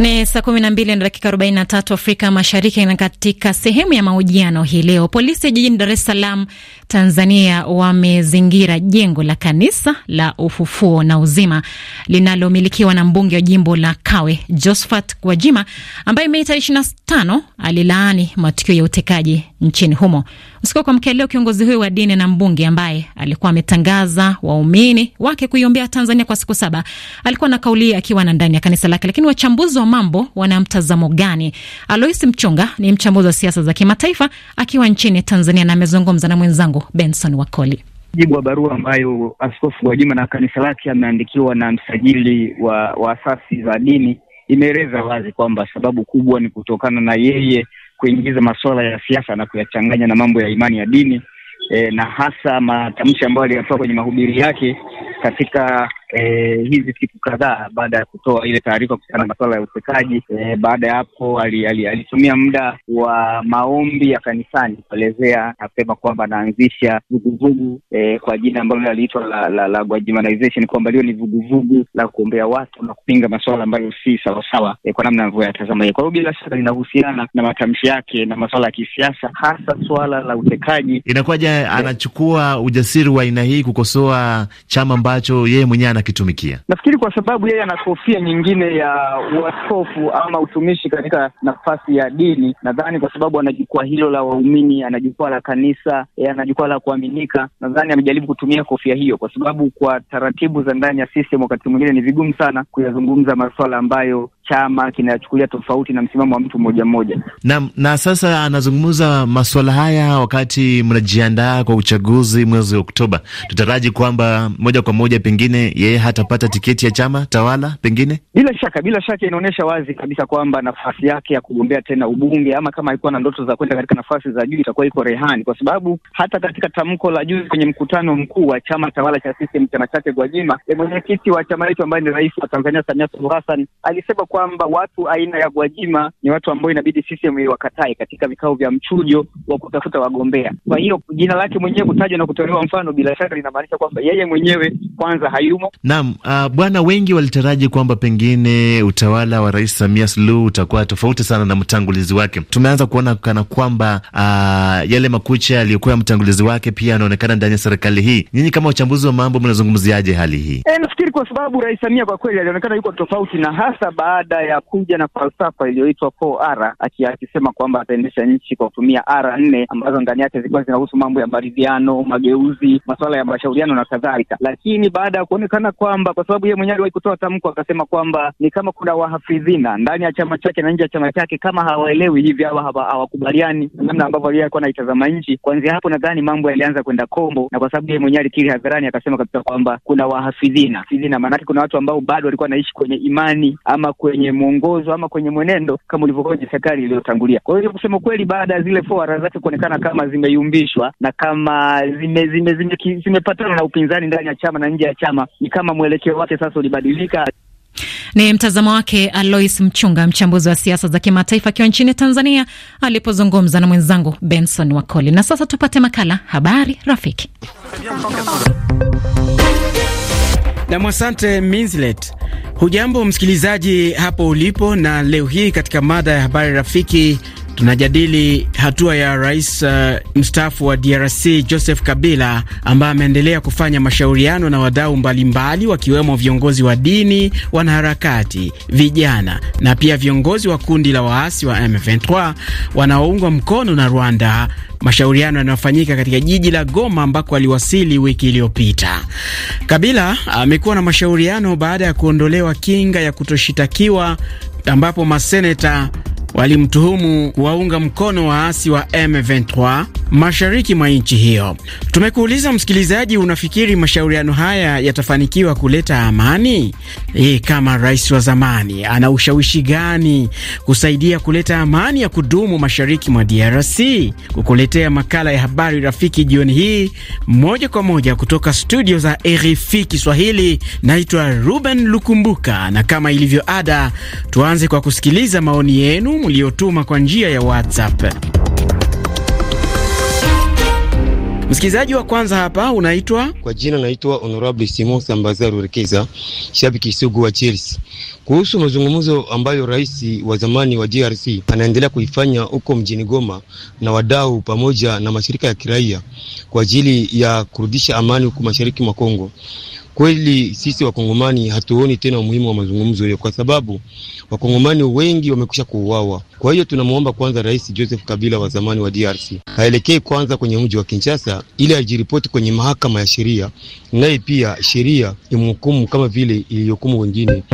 Ni saa kumi na mbili na dakika arobaini na tatu Afrika Mashariki. Na katika sehemu ya mahojiano hii leo, polisi jijini Dar es Salaam, Tanzania, wamezingira jengo la kanisa la Ufufuo na Uzima linalomilikiwa na mbunge wa jimbo la Kawe Josphat Gwajima ambaye Mei tarehe tano alilaani matukio ya utekaji nchini humo. Usiku kwa mkeleo, kiongozi huyo wa dini na mbunge ambaye alikuwa ametangaza waumini wake kuiombea Tanzania kwa siku saba alikuwa na kauli akiwa na ndani ya kanisa lake, lakini wachambuzi wa mambo wana mtazamo gani? Alois Mchonga ni mchambuzi wa siasa za kimataifa akiwa nchini Tanzania na amezungumza na mwenzangu Benson Wakoli jibu wa barua ambayo askofu Gwajima na kanisa lake ameandikiwa na msajili wa, wa asasi za dini imeeleza wazi kwamba sababu kubwa ni kutokana na yeye kuingiza masuala ya siasa na kuyachanganya na mambo ya imani ya dini e, na hasa matamshi ambayo aliyatoa kwenye mahubiri yake katika eh, hizi siku kadhaa baada ya kutoa ile taarifa kuhusiana na masuala ya utekaji. Eh, baada ya hapo alitumia ali, muda wa maombi ya kanisani kuelezea, akasema kwamba anaanzisha vuguvugu eh, kwa jina ambalo aliitwa la, la, la Gwajimanization, kwamba lio ni vuguvugu la kuombea watu na kupinga masuala ambayo si sawasawa eh, kwa namna anavyoyatazama yatazama Kwa hiyo bila shaka linahusiana na matamshi yake na masuala ya kisiasa, hasa suala la utekaji. Inakuwaje anachukua ujasiri wa aina hii kukosoa chama ambacho yeye mwenyewe anakitumikia? Nafikiri kwa sababu yeye ana kofia nyingine ya uaskofu ama utumishi katika nafasi ya dini. Nadhani kwa sababu ana jukwaa hilo la waumini, ana jukwaa la kanisa, eh, ana jukwaa la kuaminika. Nadhani amejaribu kutumia kofia hiyo, kwa sababu kwa taratibu za ndani ya system, wakati mwingine ni vigumu sana kuyazungumza masuala ambayo chama kinachukulia tofauti na msimamo wa mtu mmoja mmoja. Na, na sasa anazungumza masuala haya wakati mnajiandaa kwa uchaguzi mwezi wa Oktoba. Tutaraji kwamba moja kwa moja pengine yeye hatapata tiketi ya chama tawala pengine? Bila shaka, bila shaka inaonyesha wazi kabisa kwamba nafasi yake ya kugombea tena ubunge ama kama alikuwa na ndoto za kwenda katika nafasi za juu itakuwa iko rehani, kwa sababu hata katika tamko la juzi kwenye mkutano mkuu wa chama tawala cha CCM, chama chake Gwajima, mwenyekiti wa chama hicho ambaye ni rais wa Tanzania Samia Suluhu Hassan alisema kwa kwamba watu aina ya Gwajima ni watu ambao inabidi CCM iwakatae katika vikao vya mchujo wa kutafuta wagombea. Kwa hiyo jina lake mwenyewe kutajwa na kutolewa mfano, bila shaka linamaanisha kwamba yeye mwenyewe kwanza hayumo. Naam, uh, bwana, wengi walitaraji kwamba pengine utawala wa Rais Samia Suluhu utakuwa tofauti sana na mtangulizi wake. Tumeanza kuona kana kwamba uh, yale makucha yaliyokuwa ya mtangulizi wake pia yanaonekana ndani ya serikali hii. Nyinyi kama wachambuzi wa mambo mnazungumziaje hali hii? E, nafikiri kwa sababu Rais Samia kwa kweli alionekana yuko tofauti na hasa baada baada ya kuja na falsafa iliyoitwa r akisema kwamba ataendesha nchi kwa kutumia R nne ambazo ndani yake zilikuwa zinahusu mambo ya maridhiano, mageuzi, masuala ya mashauriano na kadhalika. Lakini baada ya kuonekana kwamba, kwa sababu yeye mwenyewe aliwahi kutoa tamko akasema kwamba ni kama kuna wahafidhina ndani ya chama chake na nje ya chama chake, kama hawaelewi hivi awa hawakubaliani namna ambavyo yeye alikuwa anaitazama nchi. Kuanzia hapo, nadhani mambo yalianza kwenda kombo, na kwa sababu yeye mwenyewe alikiri hadharani akasema kabisa kwamba kuna wahafidhina. maanake kuna watu ambao bado walikuwa wanaishi kwenye imani ama kwe kwenye mwongozo ama kwenye mwenendo kama ulivyokuwa kwenye serikali iliyotangulia. Kwa hiyo kusema kweli, baada ya zile fora zake kuonekana kama zimeyumbishwa na kama zimepatana zime, zime, zime, zime na upinzani ndani ya chama na nje ya chama, ni kama mwelekeo wake sasa ulibadilika. Ni mtazamo wake Alois Mchunga, mchambuzi wa siasa za kimataifa akiwa nchini Tanzania, alipozungumza na mwenzangu Benson Wakoli. Na sasa tupate makala Habari Rafiki. Nam, asante Minslet. Hujambo msikilizaji hapo ulipo, na leo hii katika mada ya habari rafiki tunajadili hatua ya rais uh, mstaafu wa DRC Joseph Kabila ambaye ameendelea kufanya mashauriano na wadau mbalimbali wakiwemo viongozi wa dini, wanaharakati, vijana na pia viongozi wa kundi la waasi wa M23 wanaoungwa mkono na Rwanda mashauriano yanayofanyika katika jiji la Goma ambako aliwasili wiki iliyopita. Kabila ah, amekuwa na mashauriano baada ya kuondolewa kinga ya kutoshitakiwa ambapo maseneta walimtuhumu kuwaunga mkono waasi wa M23 mashariki mwa nchi hiyo. Tumekuuliza msikilizaji, unafikiri mashauriano haya yatafanikiwa kuleta amani? E, kama rais wa zamani ana ushawishi gani kusaidia kuleta amani ya kudumu mashariki mwa DRC? Kukuletea makala ya habari rafiki jioni hii moja kwa moja kutoka studio za RFI Kiswahili, naitwa Ruben Lukumbuka, na kama ilivyo ada, tuanze kwa kusikiliza maoni yenu mliotuma kwa njia ya WhatsApp. Msikilizaji wa kwanza hapa unaitwa kwa jina, naitwa Honorable Simon Sambazaru Rekeza, shabiki sugu wa Chelsea. Kuhusu mazungumzo ambayo rais wa zamani wa DRC anaendelea kuifanya huko mjini Goma na wadau pamoja na mashirika ya kiraia kwa ajili ya kurudisha amani huko mashariki mwa Kongo Kweli sisi wakongomani hatuoni tena umuhimu wa mazungumzo hiyo, kwa sababu wakongomani wengi wamekwisha kuuawa. Kwa hiyo tunamwomba kwanza Rais Joseph Kabila wa zamani wa DRC aelekee kwanza kwenye mji wa Kinshasa ili ajiripoti kwenye mahakama ya sheria, naye pia sheria imhukumu kama vile iliyohukumu wengine.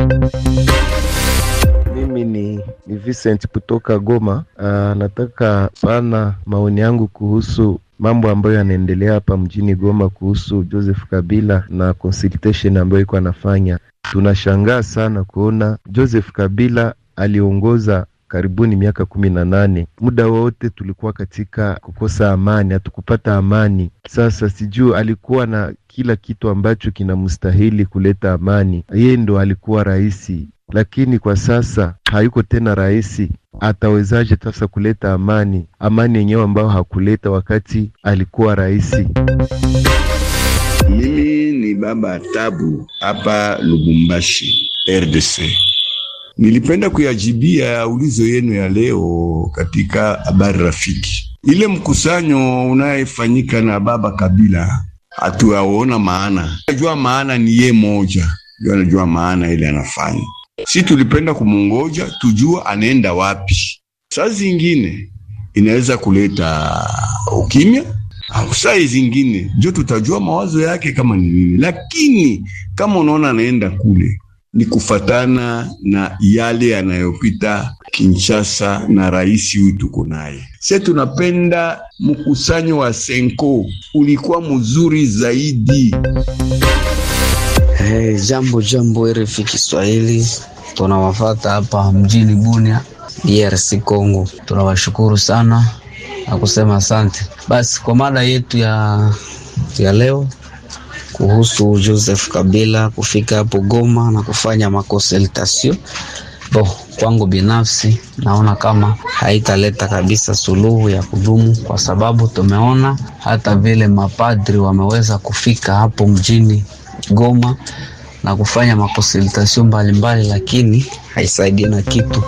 Mimi ni, ni Vincent kutoka Goma. Aa, ah, nataka sana maoni yangu kuhusu mambo ambayo yanaendelea hapa mjini Goma kuhusu Joseph Kabila na consultation ambayo iko anafanya. Tunashangaa sana kuona Joseph Kabila aliongoza karibuni miaka kumi na nane. Muda wote tulikuwa katika kukosa amani, hatukupata amani. Sasa sijuu alikuwa na kila kitu ambacho kinamstahili kuleta amani, yeye ndo alikuwa rais lakini kwa sasa hayuko tena rais, atawezaje sasa kuleta amani? Amani yenyewe ambayo hakuleta wakati alikuwa rais. Mimi ni Baba Tabu hapa Lubumbashi, RDC. Nilipenda kuyajibia ulizo yenu ya leo katika habari rafiki. Ile mkusanyo unayefanyika na Baba Kabila hatuyaona maana, najua maana ni ye moja ndio anajua maana ile anafanya Si tulipenda kumungoja tujua anaenda wapi. Saa zingine inaweza kuleta ukimya, au saa zingine jo tutajua mawazo yake kama ni nini, lakini kama unaona anaenda kule ni kufatana na yale yanayopita Kinshasa na rais huyu tuko naye. Se tunapenda mkusanyo wa Senko ulikuwa mzuri zaidi. Hey, jambo jambo RFI Kiswahili, tunawafata hapa mjini Bunia, DRC Congo. Tunawashukuru sana na kusema asante. Basi kwa mada yetu ya, ya leo kuhusu Joseph Kabila kufika hapo Goma na kufanya makonsultasio bo kwangu binafsi naona kama haitaleta kabisa suluhu ya kudumu, kwa sababu tumeona hata vile mapadri wameweza kufika hapo mjini Goma na kufanya makonsultasio mbalimbali, lakini haisaidia na kitu.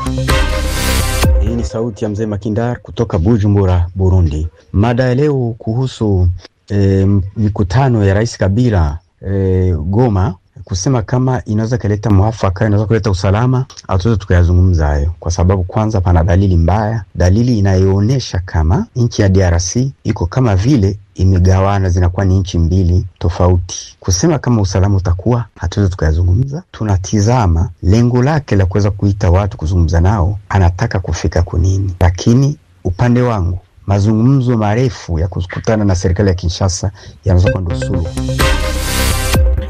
Hii ni sauti ya mzee Makindar kutoka Bujumbura, Burundi. Mada ya leo kuhusu e, mikutano ya Rais Kabila e, Goma kusema kama inaweza kaleta mwafaka, inaweza kuleta usalama, hatuweze tukayazungumza hayo, kwa sababu kwanza, pana dalili mbaya, dalili inayoonyesha kama nchi ya DRC iko kama vile imegawana, zinakuwa ni nchi mbili tofauti. Kusema kama usalama utakuwa, hatuwezi tukayazungumza. Tunatizama lengo lake la kuweza kuita watu kuzungumza nao, anataka kufika kunini. Lakini upande wangu mazungumzo marefu ya kukutana na serikali ya Kinshasa yanaweza kuwa ndo suluhu.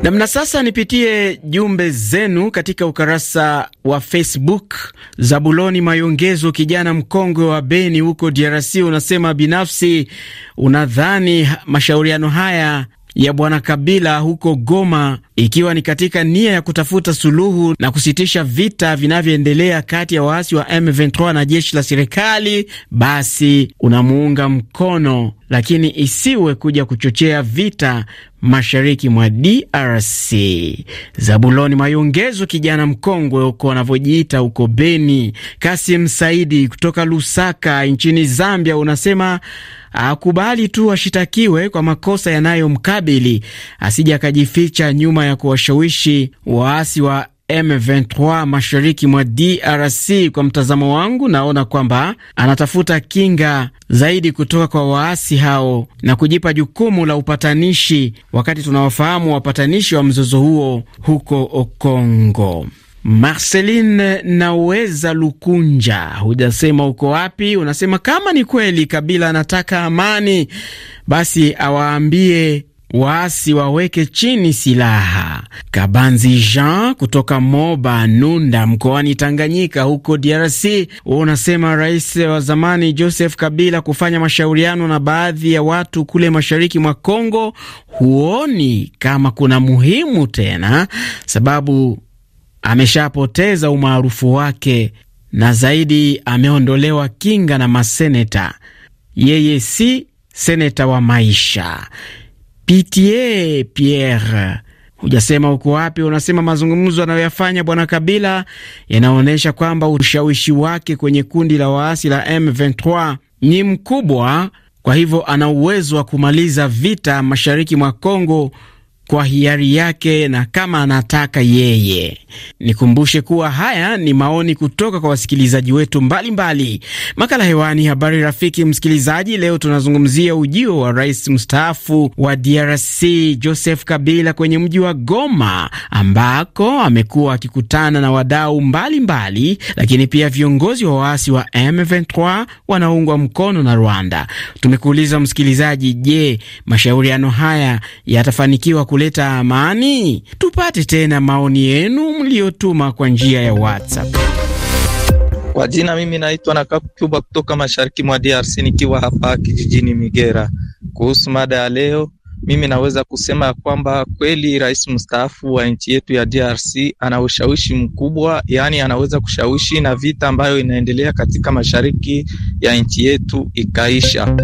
Namna sasa, nipitie jumbe zenu katika ukarasa wa Facebook. Zabuloni Mayongezo, kijana mkongwe wa Beni huko DRC, unasema binafsi unadhani mashauriano haya ya Bwana Kabila huko Goma, ikiwa ni katika nia ya kutafuta suluhu na kusitisha vita vinavyoendelea kati ya waasi wa M23 na jeshi la serikali, basi unamuunga mkono lakini isiwe kuja kuchochea vita mashariki mwa DRC. Zabuloni Mayongezo, kijana mkongwe huko wanavyojiita huko Beni. Kasim Saidi kutoka Lusaka nchini Zambia unasema akubali tu ashitakiwe kwa makosa yanayomkabili, asije akajificha nyuma ya kuwashawishi waasi wa M23 mashariki mwa DRC. Kwa mtazamo wangu, naona kwamba anatafuta kinga zaidi kutoka kwa waasi hao na kujipa jukumu la upatanishi, wakati tunawafahamu wapatanishi wa mzozo huo huko Okongo. Marceline Naweza Lukunja, hujasema uko wapi. Unasema kama ni kweli Kabila anataka amani, basi awaambie waasi waweke chini silaha. Kabanzi Jean kutoka Moba Nunda mkoani Tanganyika huko DRC unasema rais wa zamani Joseph Kabila kufanya mashauriano na baadhi ya watu kule mashariki mwa Kongo, huoni kama kuna muhimu tena, sababu ameshapoteza umaarufu wake na zaidi ameondolewa kinga na maseneta. Yeye si seneta wa maisha pitie Pierre, hujasema uko wapi. Unasema mazungumzo anayoyafanya bwana Kabila yanaonyesha kwamba ushawishi wake kwenye kundi la waasi la M23 ni mkubwa, kwa hivyo ana uwezo wa kumaliza vita mashariki mwa Kongo kwa hiari yake na kama anataka yeye. Nikumbushe kuwa haya ni maoni kutoka kwa wasikilizaji wetu mbalimbali mbali. Makala hewani habari rafiki msikilizaji, leo tunazungumzia ujio wa rais mstaafu wa DRC Joseph Kabila kwenye mji wa Goma ambako amekuwa akikutana na wadau mbalimbali, lakini pia viongozi wa waasi wa M23 wanaoungwa mkono na Rwanda. Tumekuuliza msikilizaji, je, mashauriano haya yatafanikiwa kuleta amani? Tupate tena maoni yenu mliotuma kwa njia ya WhatsApp. Kwa jina mimi naitwa na Kapu kutoka mashariki mwa DRC nikiwa hapa kijijini Migera. Kuhusu mada ya leo, mimi naweza kusema ya kwamba kweli rais mstaafu wa nchi yetu ya DRC ana ushawishi mkubwa, yaani anaweza kushawishi na vita ambayo inaendelea katika mashariki ya nchi yetu ikaisha.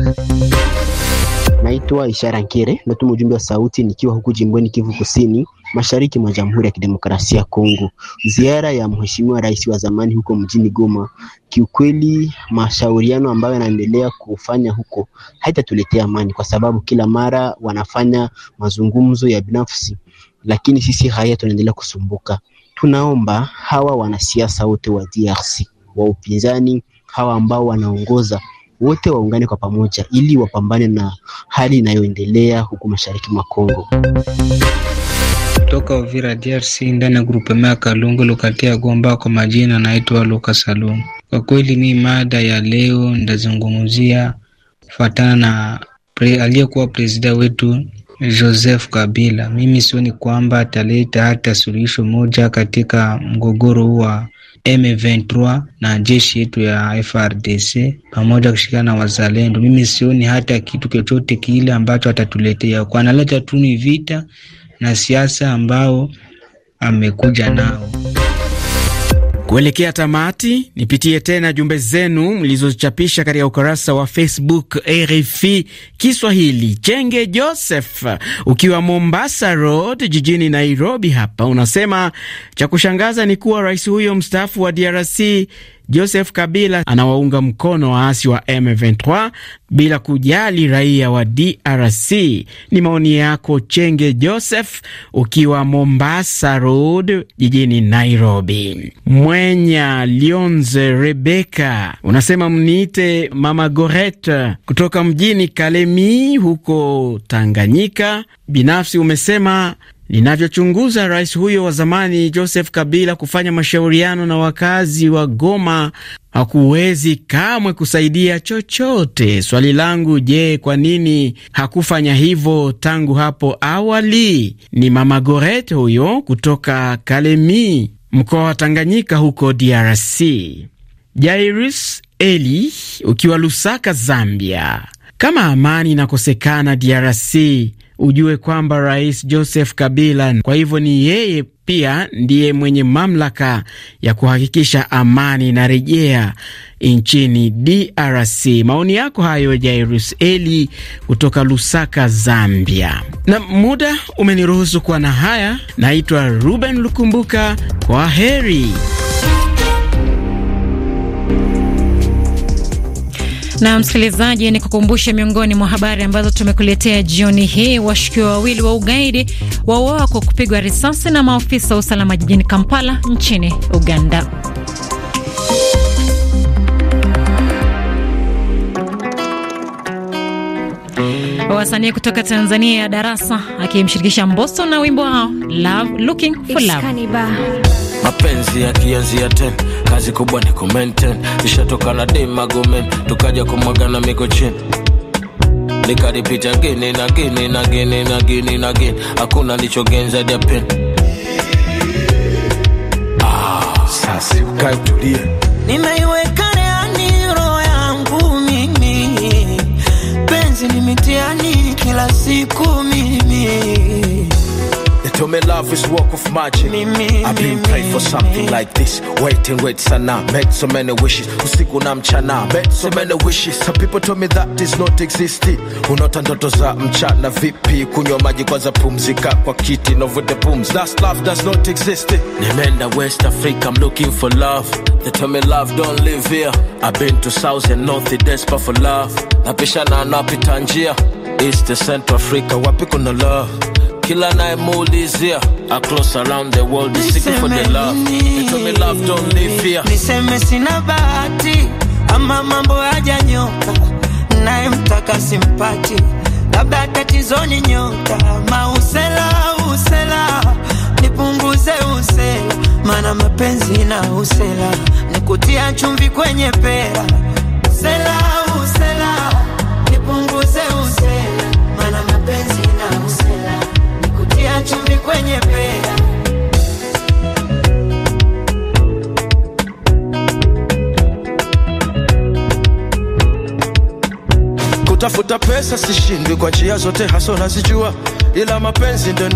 Naitwa Ishara Nkere, natuma ujumbe wa sauti nikiwa huku jimboni Kivu Kusini, mashariki mwa Jamhuri ya Kidemokrasia ya Kongo. Ziara ya mheshimiwa rais wa zamani huko mjini Goma, kiukweli mashauriano ambayo yanaendelea kufanya huko haitatuletea amani, kwa sababu kila mara wanafanya mazungumzo ya binafsi, lakini sisi haya tunaendelea kusumbuka. Tunaomba hawa wanasiasa wote wa DRC wa upinzani, hawa ambao wanaongoza wote waungane kwa pamoja ili wapambane na hali inayoendelea huku mashariki mwa Kongo. Toka Uvira DRC, ndani ya grupema ya Kalungu Lukatia ya Gomba, kwa majina naitwa luka Salum. Kwa kweli mi mada ya leo ndazungumzia kufatana na pre, aliyekuwa presida wetu Joseph Kabila. Mimi sioni kwamba ataleta hata suluhisho moja katika mgogoro huu wa M23 na jeshi yetu ya FRDC pamoja kushikana na wazalendo. Mimi sioni hata kitu chochote kile ambacho atatuletea, kwa analeta tu ni vita na siasa ambao amekuja nao. Kuelekea tamati, nipitie tena jumbe zenu mlizochapisha katika ukurasa wa Facebook RFI Kiswahili. Chenge Joseph ukiwa Mombasa Road jijini Nairobi hapa unasema cha kushangaza ni kuwa rais huyo mstaafu wa DRC Joseph Kabila anawaunga mkono waasi wa M23 bila kujali raia wa DRC. Ni maoni yako Chenge Joseph ukiwa Mombasa Road jijini Nairobi. Mwenya Lionze Rebeka unasema mniite Mama Gorete kutoka mjini Kalemi huko Tanganyika. Binafsi umesema linavyochunguza rais huyo wa zamani Joseph Kabila kufanya mashauriano na wakazi wa Goma hakuwezi kamwe kusaidia chochote. Swali langu, je, kwa nini hakufanya hivyo tangu hapo awali? Ni Mama Goret huyo kutoka Kalemi, mkoa wa Tanganyika, huko DRC. Jairus Eli ukiwa Lusaka, Zambia. Kama amani inakosekana DRC, ujue kwamba Rais Joseph Kabila, kwa hivyo ni yeye pia ndiye mwenye mamlaka ya kuhakikisha amani inarejea nchini DRC. Maoni yako hayo, Jairus Eli kutoka Lusaka, Zambia. Na muda umeniruhusu kuwa na haya. Naitwa Ruben Lukumbuka, kwa heri. Na msikilizaji, ni kukumbushe miongoni mwa habari ambazo tumekuletea jioni hii. Washukiwa wawili wa ugaidi wauawa kwa kupigwa risasi na maafisa wa usalama jijini Kampala nchini Uganda. Wasanii kutoka Tanzania ya Darasa akimshirikisha Mbosso na wimbo wao Love Looking for Love. Mapenzi yakianzia tena kazi kubwa ni kumaintain ishatoka na demagome tukaja kumwagana miko chini nikaripita gini na gini na gini na gini na gini hakuna lichogenza dia pen ah, sasi tulie nimeiweka reani roho yangu mimi penzi ni mitiani kila siku mimi to me love is work of magic me, me, I've been praying for something like this wait wait sana made so many wishes usiku na mchana made so many wishes some people told me that is not existed unaota ndoto za mchana vipi kunywa maji kwanza pumzika kwa kiti novuta booms that's love does not exist nimeenda west africa i'm looking for love they tell me love don't live here i've been to south and north desperate for love napishana napita njia east central africa wapi kuna love kila a close around the world is seeking for the love nito me love don't live fear niseme sina bahati ama mambo hajanyoka mtaka simpati labda ni nyota mausela usela nipunguze usela mana mapenzi na usela nikutia chumvi kwenye pera usela wenye pea Kutafuta pesa sishindwi kwa njia zote, haso nazijua, ila mapenzi ndio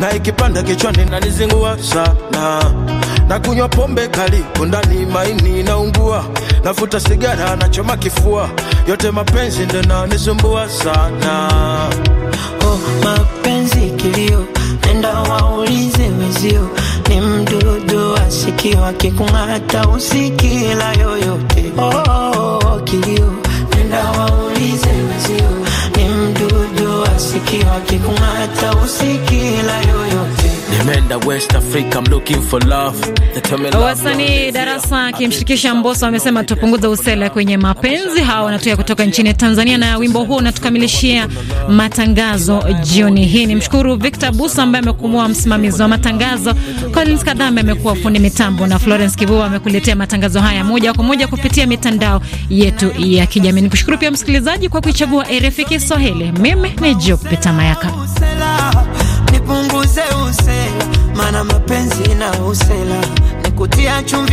na ikipanda kichwani nanizingua sana, na kunywa pombe kali kundani maini naungua, navuta sigara nachoma kifua, yote mapenzi ndio sana. Oh, mapenzi kilio Nenda waulize wezio, ni mdudu wa akikung'ata usikie la yoyote. Oh, oh, oh, kilio. Nenda waulize wezio, ni mdudu wa akikung'ata usikie la yoyote. Wasanii Darasa akimshirikisha mboso wamesema tupunguza usela kwenye mapenzi. Hawa wanatoka kutoka nchini Tanzania, na wimbo huo unatukamilishia matangazo jioni hii. Nimshukuru Victor Busa ambaye amekuwa msimamizi wa matangazo, Collins Kadhambe amekuwa fundi mitambo, na Florence Kivua amekuletea matangazo haya moja kwa moja kupitia mitandao yetu ya kijamii. Nikushukuru pia msikilizaji kwa kuichagua RFI Kiswahili. Mimi ni Jupita Mayaka mapenzi na usela nikutia chumvi